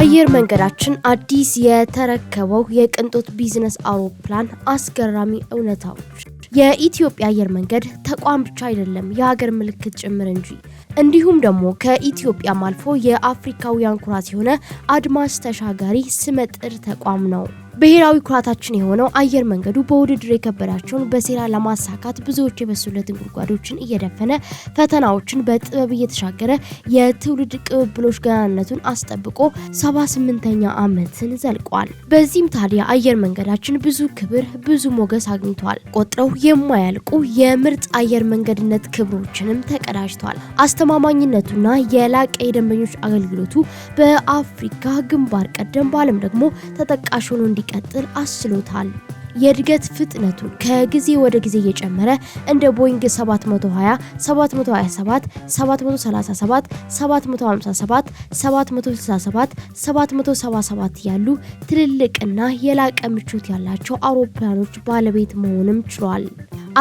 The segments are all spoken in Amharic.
አየር መንገዳችን አዲስ የተረከበው የቅንጦት ቢዝነስ አውሮፕላን አስገራሚ እውነታዎች። የኢትዮጵያ አየር መንገድ ተቋም ብቻ አይደለም፣ የሀገር ምልክት ጭምር እንጂ። እንዲሁም ደግሞ ከኢትዮጵያም አልፎ የአፍሪካውያን ኩራት የሆነ አድማስ ተሻጋሪ ስመጥር ተቋም ነው። ብሔራዊ ኩራታችን የሆነው አየር መንገዱ በውድድር የከበዳቸውን በሴራ ለማሳካት ብዙዎች የበሱለትን ጉድጓዶችን እየደፈነ ፈተናዎችን በጥበብ እየተሻገረ የትውልድ ቅብብሎች ገናነቱን አስጠብቆ 78ኛ ዓመትን ዘልቋል። በዚህም ታዲያ አየር መንገዳችን ብዙ ክብር፣ ብዙ ሞገስ አግኝቷል። ቆጥረው የማያልቁ የምርጥ አየር መንገድነት ክብሮችንም ተቀዳጅቷል። አስተማማኝነቱና የላቀ የደንበኞች አገልግሎቱ በአፍሪካ ግንባር ቀደም በዓለም ደግሞ ተጠቃሽ ሆኖ እንዲ እንዲቀጥል አስችሎታል። የእድገት ፍጥነቱ ከጊዜ ወደ ጊዜ እየጨመረ እንደ ቦይንግ 720፣ 727፣ 737፣ 757፣ 767፣ 777 ያሉ ትልልቅና የላቀ ምቾት ያላቸው አውሮፕላኖች ባለቤት መሆንም ችሏል።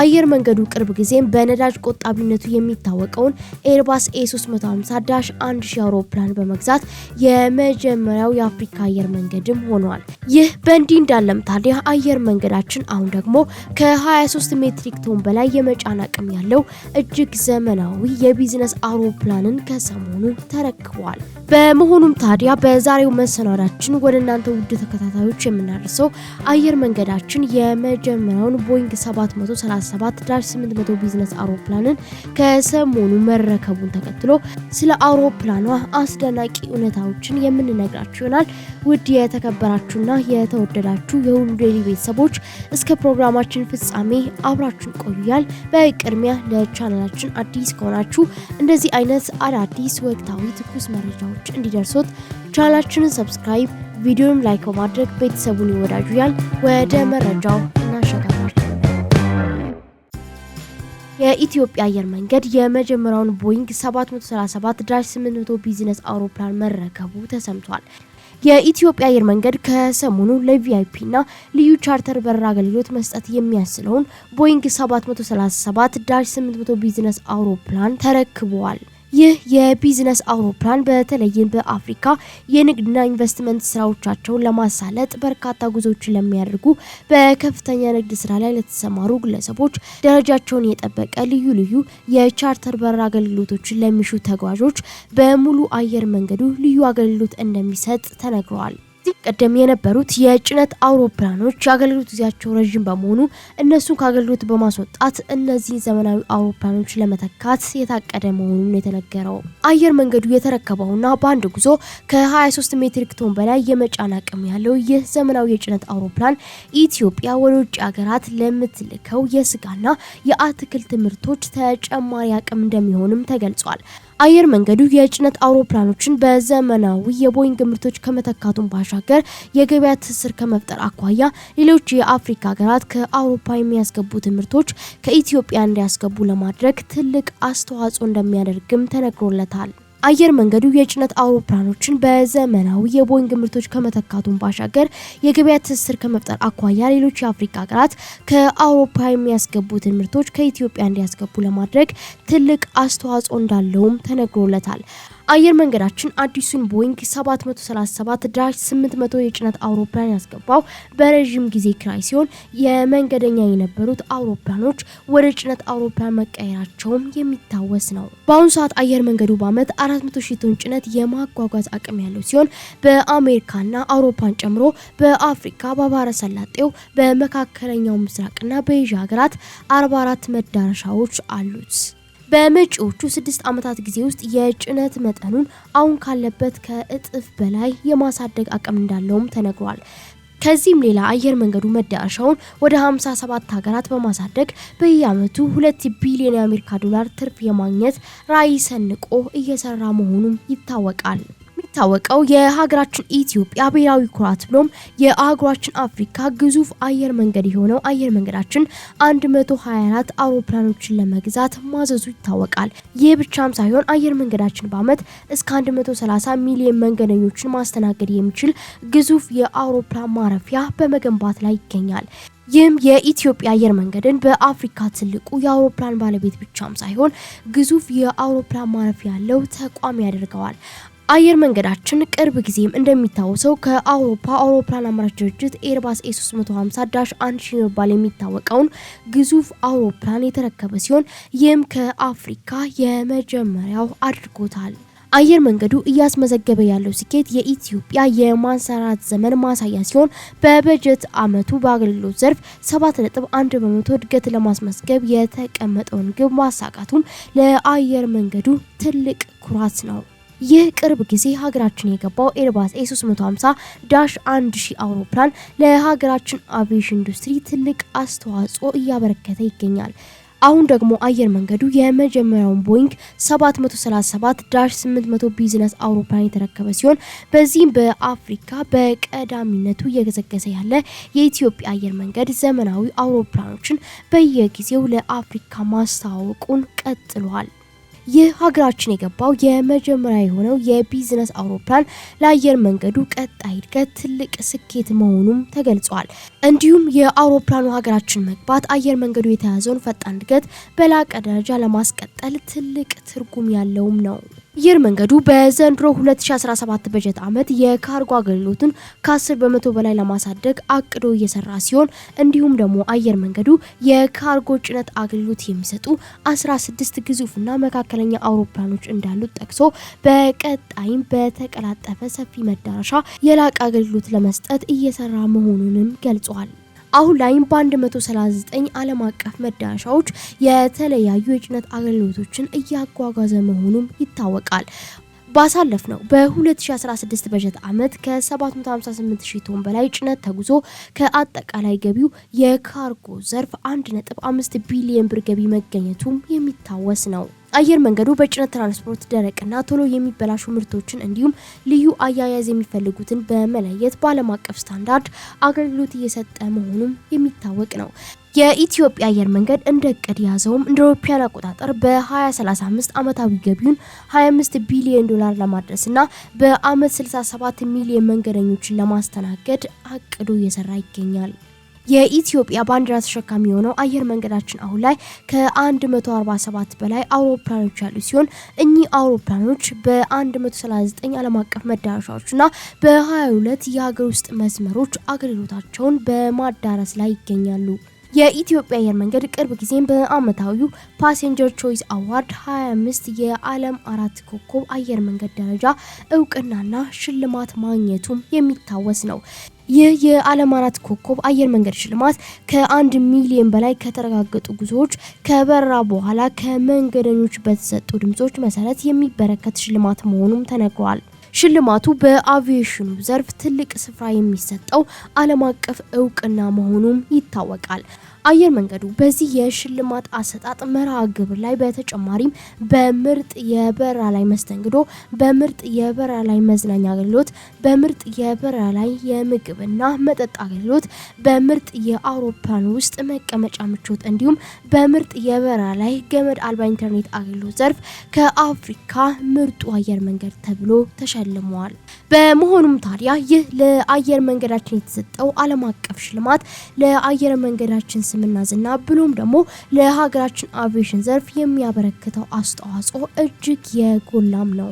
አየር መንገዱ ቅርብ ጊዜም በነዳጅ ቆጣቢነቱ የሚታወቀውን ኤርባስ ኤ350 ዳሽ 1000 አውሮፕላን በመግዛት የመጀመሪያው የአፍሪካ አየር መንገድም ሆኗል። ይህ በእንዲህ እንዳለም ታዲያ አየር መንገዳችን አሁን ደግሞ ከ23 ሜትሪክ ቶን በላይ የመጫን አቅም ያለው እጅግ ዘመናዊ የቢዝነስ አውሮፕላንን ከሰሞኑ ተረክቧል። በመሆኑም ታዲያ በዛሬው መሰናዳችን ዜናዎችን ወደ እናንተ ውድ ተከታታዮች የምናደርሰው አየር መንገዳችን የመጀመሪያውን ቦይንግ 737-800 ቢዝነስ አውሮፕላንን ከሰሞኑ መረከቡን ተከትሎ ስለ አውሮፕላኗ አስደናቂ እውነታዎችን የምንነግራችሁ ይሆናል። ውድ የተከበራችሁና የተወደዳችሁ የሁሉ ዴይሊ ቤተሰቦች እስከ ፕሮግራማችን ፍጻሜ አብራችሁ ቆያል። በቅድሚያ ለቻናላችን አዲስ ከሆናችሁ እንደዚህ አይነት አዳዲስ ወቅታዊ ትኩስ መረጃዎች እንዲደርሶት ቻናላችንን ሰብስክራይብ፣ ቪዲዮንም ላይክ በማድረግ ቤተሰቡን ይወዳጁ። ያል ወደ መረጃው እናሸጋለን። የኢትዮጵያ አየር መንገድ የመጀመሪያውን ቦይንግ 737-800 ቢዝነስ አውሮፕላን መረከቡ ተሰምቷል። የኢትዮጵያ አየር መንገድ ከሰሞኑ ለቪአይፒ እና ልዩ ቻርተር በረራ አገልግሎት መስጠት የሚያስችለውን ቦይንግ 737-800 ቢዝነስ አውሮፕላን ተረክበዋል። ይህ የቢዝነስ አውሮፕላን በተለይም በአፍሪካ የንግድና ኢንቨስትመንት ስራዎቻቸውን ለማሳለጥ በርካታ ጉዞዎችን ለሚያደርጉ በከፍተኛ ንግድ ስራ ላይ ለተሰማሩ ግለሰቦች፣ ደረጃቸውን የጠበቀ ልዩ ልዩ የቻርተር በር አገልግሎቶችን ለሚሹ ተጓዦች በሙሉ አየር መንገዱ ልዩ አገልግሎት እንደሚሰጥ ተነግረዋል። ከዚህ ቀደም የነበሩት የጭነት አውሮፕላኖች የአገልግሎት ጊዜያቸው ረዥም በመሆኑ እነሱን ከአገልግሎት በማስወጣት እነዚህን ዘመናዊ አውሮፕላኖች ለመተካት የታቀደ መሆኑን የተነገረው አየር መንገዱ የተረከበውና በአንድ ጉዞ ከ23 ሜትሪክ ቶን በላይ የመጫን አቅም ያለው ይህ ዘመናዊ የጭነት አውሮፕላን ኢትዮጵያ ወደ ውጭ ሀገራት ለምትልከው የስጋና የአትክልት ምርቶች ተጨማሪ አቅም እንደሚሆንም ተገልጿል። አየር መንገዱ የጭነት አውሮፕላኖችን በዘመናዊ የቦይንግ ምርቶች ከመተካቱን ባሻገር የገበያ ትስስር ከመፍጠር አኳያ ሌሎች የአፍሪካ ሀገራት ከአውሮፓ የሚያስገቡትን ምርቶች ከኢትዮጵያ እንዲያስገቡ ለማድረግ ትልቅ አስተዋጽኦ እንደሚያደርግም ተነግሮለታል። አየር መንገዱ የጭነት አውሮፕላኖችን በዘመናዊ የቦይንግ ምርቶች ከመተካቱን ባሻገር የገበያ ትስስር ከመፍጠር አኳያ ሌሎች የአፍሪካ ሀገራት ከአውሮፓ የሚያስገቡትን ምርቶች ከኢትዮጵያ እንዲያስገቡ ለማድረግ ትልቅ አስተዋጽኦ እንዳለውም ተነግሮለታል። አየር መንገዳችን አዲሱን ቦይንግ 737 ዳሽ 800 የጭነት አውሮፕላን ያስገባው በረዥም ጊዜ ክራይ ሲሆን የመንገደኛ የነበሩት አውሮፕላኖች ወደ ጭነት አውሮፕላን መቀየራቸውም የሚታወስ ነው። በአሁኑ ሰዓት አየር መንገዱ በዓመት 400 ሺህ ቶን ጭነት የማጓጓዝ አቅም ያለው ሲሆን በአሜሪካና አውሮፓን ጨምሮ በአፍሪካ፣ በባህረ ሰላጤው፣ በመካከለኛው ምስራቅና በኤዥያ ሀገራት 44 መዳረሻዎች አሉት። በመጪዎቹ ስድስት ዓመታት ጊዜ ውስጥ የጭነት መጠኑን አሁን ካለበት ከእጥፍ በላይ የማሳደግ አቅም እንዳለውም ተነግሯል። ከዚህም ሌላ አየር መንገዱ መዳረሻውን ወደ 57 ሀገራት በማሳደግ በየአመቱ 2 ቢሊዮን የአሜሪካ ዶላር ትርፍ የማግኘት ራዕይ ሰንቆ እየሰራ መሆኑም ይታወቃል። የሚታወቀው የሀገራችን ኢትዮጵያ ብሔራዊ ኩራት ብሎም የአህጉራችን አፍሪካ ግዙፍ አየር መንገድ የሆነው አየር መንገዳችን 124 አውሮፕላኖችን ለመግዛት ማዘዙ ይታወቃል። ይህ ብቻም ሳይሆን አየር መንገዳችን በዓመት እስከ 130 ሚሊዮን መንገደኞችን ማስተናገድ የሚችል ግዙፍ የአውሮፕላን ማረፊያ በመገንባት ላይ ይገኛል። ይህም የኢትዮጵያ አየር መንገድን በአፍሪካ ትልቁ የአውሮፕላን ባለቤት ብቻም ሳይሆን ግዙፍ የአውሮፕላን ማረፊያ ያለው ተቋም ያደርገዋል። አየር መንገዳችን ቅርብ ጊዜም እንደሚታወሰው ከአውሮፓ አውሮፕላን አምራች ድርጅት ኤርባስ ኤ350 ዳሽ አንድ ሺ በመባል የሚታወቀውን ግዙፍ አውሮፕላን የተረከበ ሲሆን ይህም ከአፍሪካ የመጀመሪያው አድርጎታል። አየር መንገዱ እያስመዘገበ ያለው ስኬት የኢትዮጵያ የማንሰራራት ዘመን ማሳያ ሲሆን በበጀት ዓመቱ በአገልግሎት ዘርፍ 7.1 በመቶ እድገት ለማስመዝገብ የተቀመጠውን ግብ ማሳካቱም ለአየር መንገዱ ትልቅ ኩራት ነው። ይህ ቅርብ ጊዜ ሀገራችን የገባው ኤርባስ ኤ350 ዳሽ 1000 አውሮፕላን ለሀገራችን አቪዬሽን ኢንዱስትሪ ትልቅ አስተዋጽኦ እያበረከተ ይገኛል። አሁን ደግሞ አየር መንገዱ የመጀመሪያውን ቦይንግ 737 ዳሽ 800 ቢዝነስ አውሮፕላን የተረከበ ሲሆን በዚህም በአፍሪካ በቀዳሚነቱ እየገዘገዘ ያለ የኢትዮጵያ አየር መንገድ ዘመናዊ አውሮፕላኖችን በየጊዜው ለአፍሪካ ማስተዋወቁን ቀጥሏል። ይህ ሀገራችን የገባው የመጀመሪያ የሆነው የቢዝነስ አውሮፕላን ለአየር መንገዱ ቀጣይ እድገት ትልቅ ስኬት መሆኑም ተገልጿል። እንዲሁም የአውሮፕላኑ ሀገራችን መግባት አየር መንገዱ የተያዘውን ፈጣን እድገት በላቀ ደረጃ ለማስቀጠል ትልቅ ትርጉም ያለውም ነው። አየር መንገዱ በዘንድሮ 2017 በጀት ዓመት የካርጎ አገልግሎቱን ከ10 በመቶ በላይ ለማሳደግ አቅዶ እየሰራ ሲሆን እንዲሁም ደግሞ አየር መንገዱ የካርጎ ጭነት አገልግሎት የሚሰጡ 16 ግዙፍና መካከል መካከለኛ አውሮፕላኖች እንዳሉት ጠቅሶ በቀጣይም በተቀላጠፈ ሰፊ መዳረሻ የላቀ አገልግሎት ለመስጠት እየሰራ መሆኑንም ገልጿል። አሁን ላይም በ139 ዓለም አቀፍ መዳረሻዎች የተለያዩ የጭነት አገልግሎቶችን እያጓጓዘ መሆኑም ይታወቃል። ባሳለፍ ነው በ2016 በጀት ዓመት ከ758 ሺህ ቶን በላይ ጭነት ተጉዞ ከአጠቃላይ ገቢው የካርጎ ዘርፍ 1.5 ቢሊዮን ብር ገቢ መገኘቱም የሚታወስ ነው። አየር መንገዱ በጭነት ትራንስፖርት ደረቅና ቶሎ የሚበላሹ ምርቶችን እንዲሁም ልዩ አያያዝ የሚፈልጉትን በመለየት በዓለም አቀፍ ስታንዳርድ አገልግሎት እየሰጠ መሆኑም የሚታወቅ ነው። የኢትዮጵያ አየር መንገድ እንደ እቅድ የያዘውም እንደ አውሮፓውያን አቆጣጠር በ2035 ዓመታዊ ገቢውን 25 ቢሊዮን ዶላር ለማድረስና በአመት 67 ሚሊዮን መንገደኞችን ለማስተናገድ አቅዶ እየሰራ ይገኛል። የኢትዮጵያ ባንዲራ ተሸካሚ የሆነው አየር መንገዳችን አሁን ላይ ከ147 በላይ አውሮፕላኖች ያሉ ሲሆን እኚህ አውሮፕላኖች በ139 ዓለም አቀፍ መዳረሻዎችና በ22 የሀገር ውስጥ መስመሮች አገልግሎታቸውን በማዳረስ ላይ ይገኛሉ። የኢትዮጵያ አየር መንገድ ቅርብ ጊዜም በአመታዊው ፓሴንጀር ቾይስ አዋርድ 25 የዓለም አራት ኮከብ አየር መንገድ ደረጃ እውቅናና ሽልማት ማግኘቱም የሚታወስ ነው። ይህ የዓለም አራት ኮከብ አየር መንገድ ሽልማት ከአንድ ሚሊዮን በላይ ከተረጋገጡ ጉዞዎች ከበረራ በኋላ ከመንገደኞች በተሰጡ ድምጾች መሰረት የሚበረከት ሽልማት መሆኑም ተነግሯል። ሽልማቱ በአቪዬሽኑ ዘርፍ ትልቅ ስፍራ የሚሰጠው ዓለም አቀፍ እውቅና መሆኑም ይታወቃል። አየር መንገዱ በዚህ የሽልማት አሰጣጥ መርሃ ግብር ላይ በተጨማሪም በምርጥ የበረራ ላይ መስተንግዶ፣ በምርጥ የበረራ ላይ መዝናኛ አገልግሎት፣ በምርጥ የበረራ ላይ የምግብና መጠጥ አገልግሎት፣ በምርጥ የአውሮፕላን ውስጥ መቀመጫ ምቾት እንዲሁም በምርጥ የበረራ ላይ ገመድ አልባ ኢንተርኔት አገልግሎት ዘርፍ ከአፍሪካ ምርጡ አየር መንገድ ተብሎ ተሸልመዋል። በመሆኑም ታዲያ ይህ ለአየር መንገዳችን የተሰጠው ዓለም አቀፍ ሽልማት ለአየር መንገዳችን ለስምና ዝና ብሎም ደግሞ ለሀገራችን አቪዬሽን ዘርፍ የሚያበረክተው አስተዋጽኦ እጅግ የጎላም ነው።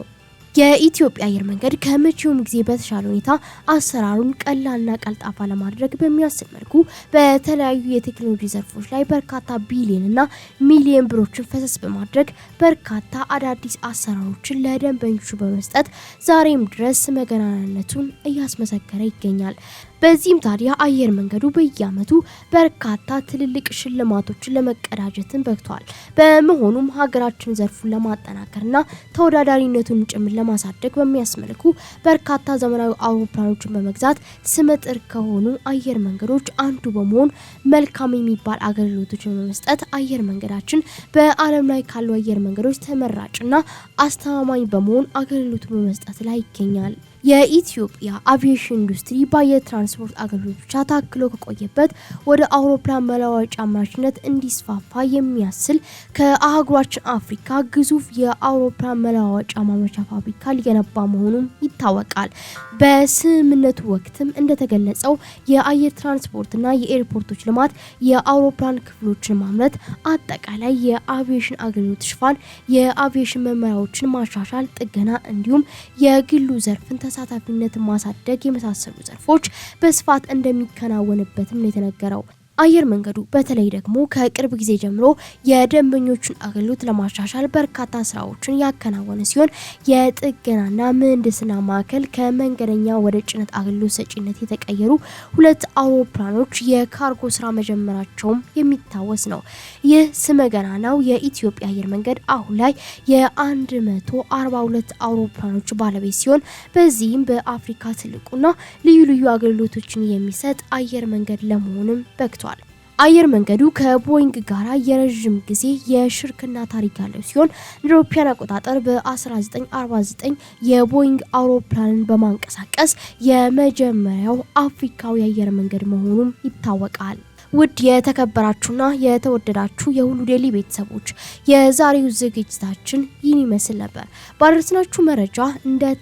የኢትዮጵያ አየር መንገድ ከመቼውም ጊዜ በተሻለ ሁኔታ አሰራሩን ቀላልና ቀልጣፋ ለማድረግ በሚያስችል መልኩ በተለያዩ የቴክኖሎጂ ዘርፎች ላይ በርካታ ቢሊዮንና ሚሊዮን ብሮችን ፈሰስ በማድረግ በርካታ አዳዲስ አሰራሮችን ለደንበኞቹ በመስጠት ዛሬም ድረስ መገናናነቱን እያስመሰከረ ይገኛል። በዚህም ታዲያ አየር መንገዱ በየአመቱ በርካታ ትልልቅ ሽልማቶችን ለመቀዳጀትን በቅቷል። በመሆኑም ሀገራችን ዘርፉን ለማጠናከርና ተወዳዳሪነቱን ጭምር ለማሳደግ በሚያስመልኩ በርካታ ዘመናዊ አውሮፕላኖችን በመግዛት ስመጥር ከሆኑ አየር መንገዶች አንዱ በመሆን መልካም የሚባል አገልግሎቶችን በመስጠት አየር መንገዳችን በዓለም ላይ ካሉ አየር መንገዶች ተመራጭና አስተማማኝ በመሆን አገልግሎቱ በመስጠት ላይ ይገኛል። የኢትዮጵያ አቪዬሽን ኢንዱስትሪ ትራንስፖርት አገልግሎት ብቻ ታክሎ ከቆየበት ወደ አውሮፕላን መለዋወጫ አምራችነት እንዲስፋፋ የሚያስችል ከአህጉራችን አፍሪካ ግዙፍ የአውሮፕላን መለዋወጫ ማምረቻ ፋብሪካ ሊገነባ መሆኑም ይታወቃል። በስምምነቱ ወቅትም እንደተገለጸው የአየር ትራንስፖርትና የኤርፖርቶች ልማት፣ የአውሮፕላን ክፍሎችን ማምረት፣ አጠቃላይ የአቪዬሽን አገልግሎት ሽፋን፣ የአቪዬሽን መመሪያዎችን ማሻሻል፣ ጥገና እንዲሁም የግሉ ዘርፍን ተሳታፊነትን ማሳደግ የመሳሰሉ ዘርፎች በስፋት እንደሚከናወንበትም ነው የተነገረው። አየር መንገዱ በተለይ ደግሞ ከቅርብ ጊዜ ጀምሮ የደንበኞቹን አገልግሎት ለማሻሻል በርካታ ስራዎችን ያከናወነ ሲሆን የጥገናና ምህንድስና ማዕከል ከመንገደኛ ወደ ጭነት አገልግሎት ሰጪነት የተቀየሩ ሁለት አውሮፕላኖች የካርጎ ስራ መጀመራቸውም የሚታወስ ነው። ይህ ስመገናናው የኢትዮጵያ አየር መንገድ አሁን ላይ የ142 አውሮፕላኖች ባለቤት ሲሆን በዚህም በአፍሪካ ትልቁና ልዩ ልዩ አገልግሎቶችን የሚሰጥ አየር መንገድ ለመሆንም በቅቷል። አየር መንገዱ ከቦይንግ ጋር የረዥም ጊዜ የሽርክና ታሪክ ያለው ሲሆን ኢሮፒያን አቆጣጠር በ1949 የቦይንግ አውሮፕላንን በማንቀሳቀስ የመጀመሪያው አፍሪካዊ አየር መንገድ መሆኑም ይታወቃል። ውድ የተከበራችሁና የተወደዳችሁ የሁሉ ዴይሊ ቤተሰቦች የዛሬው ዝግጅታችን ይህን ይመስል ነበር። ባደረስናችሁ መረጃ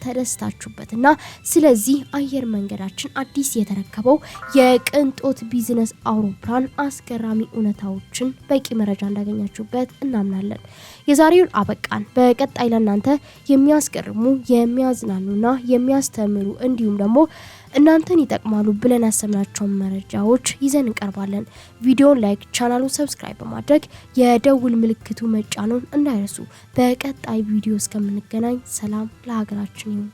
ተደስታችሁበትና ስለዚህ አየር መንገዳችን አዲስ የተረከበው የቅንጦት ቢዝነስ አውሮፕላን አስገራሚ እውነታዎችን በቂ መረጃ እንዳገኛችሁበት እናምናለን። የዛሬውን አበቃን። በቀጣይ ለእናንተ የሚያስገርሙ የሚያዝናኑና የሚያስተምሩ እንዲሁም ደግሞ እናንተን ይጠቅማሉ ብለን ያሰብናቸውን መረጃዎች ይዘን እንቀርባለን። ቪዲዮን ላይክ፣ ቻናሉን ሰብስክራይብ በማድረግ የደውል ምልክቱ መጫኑን እንዳይረሱ። በቀጣይ ቪዲዮ እስከምንገናኝ ሰላም ለሀገራችን ይሁን።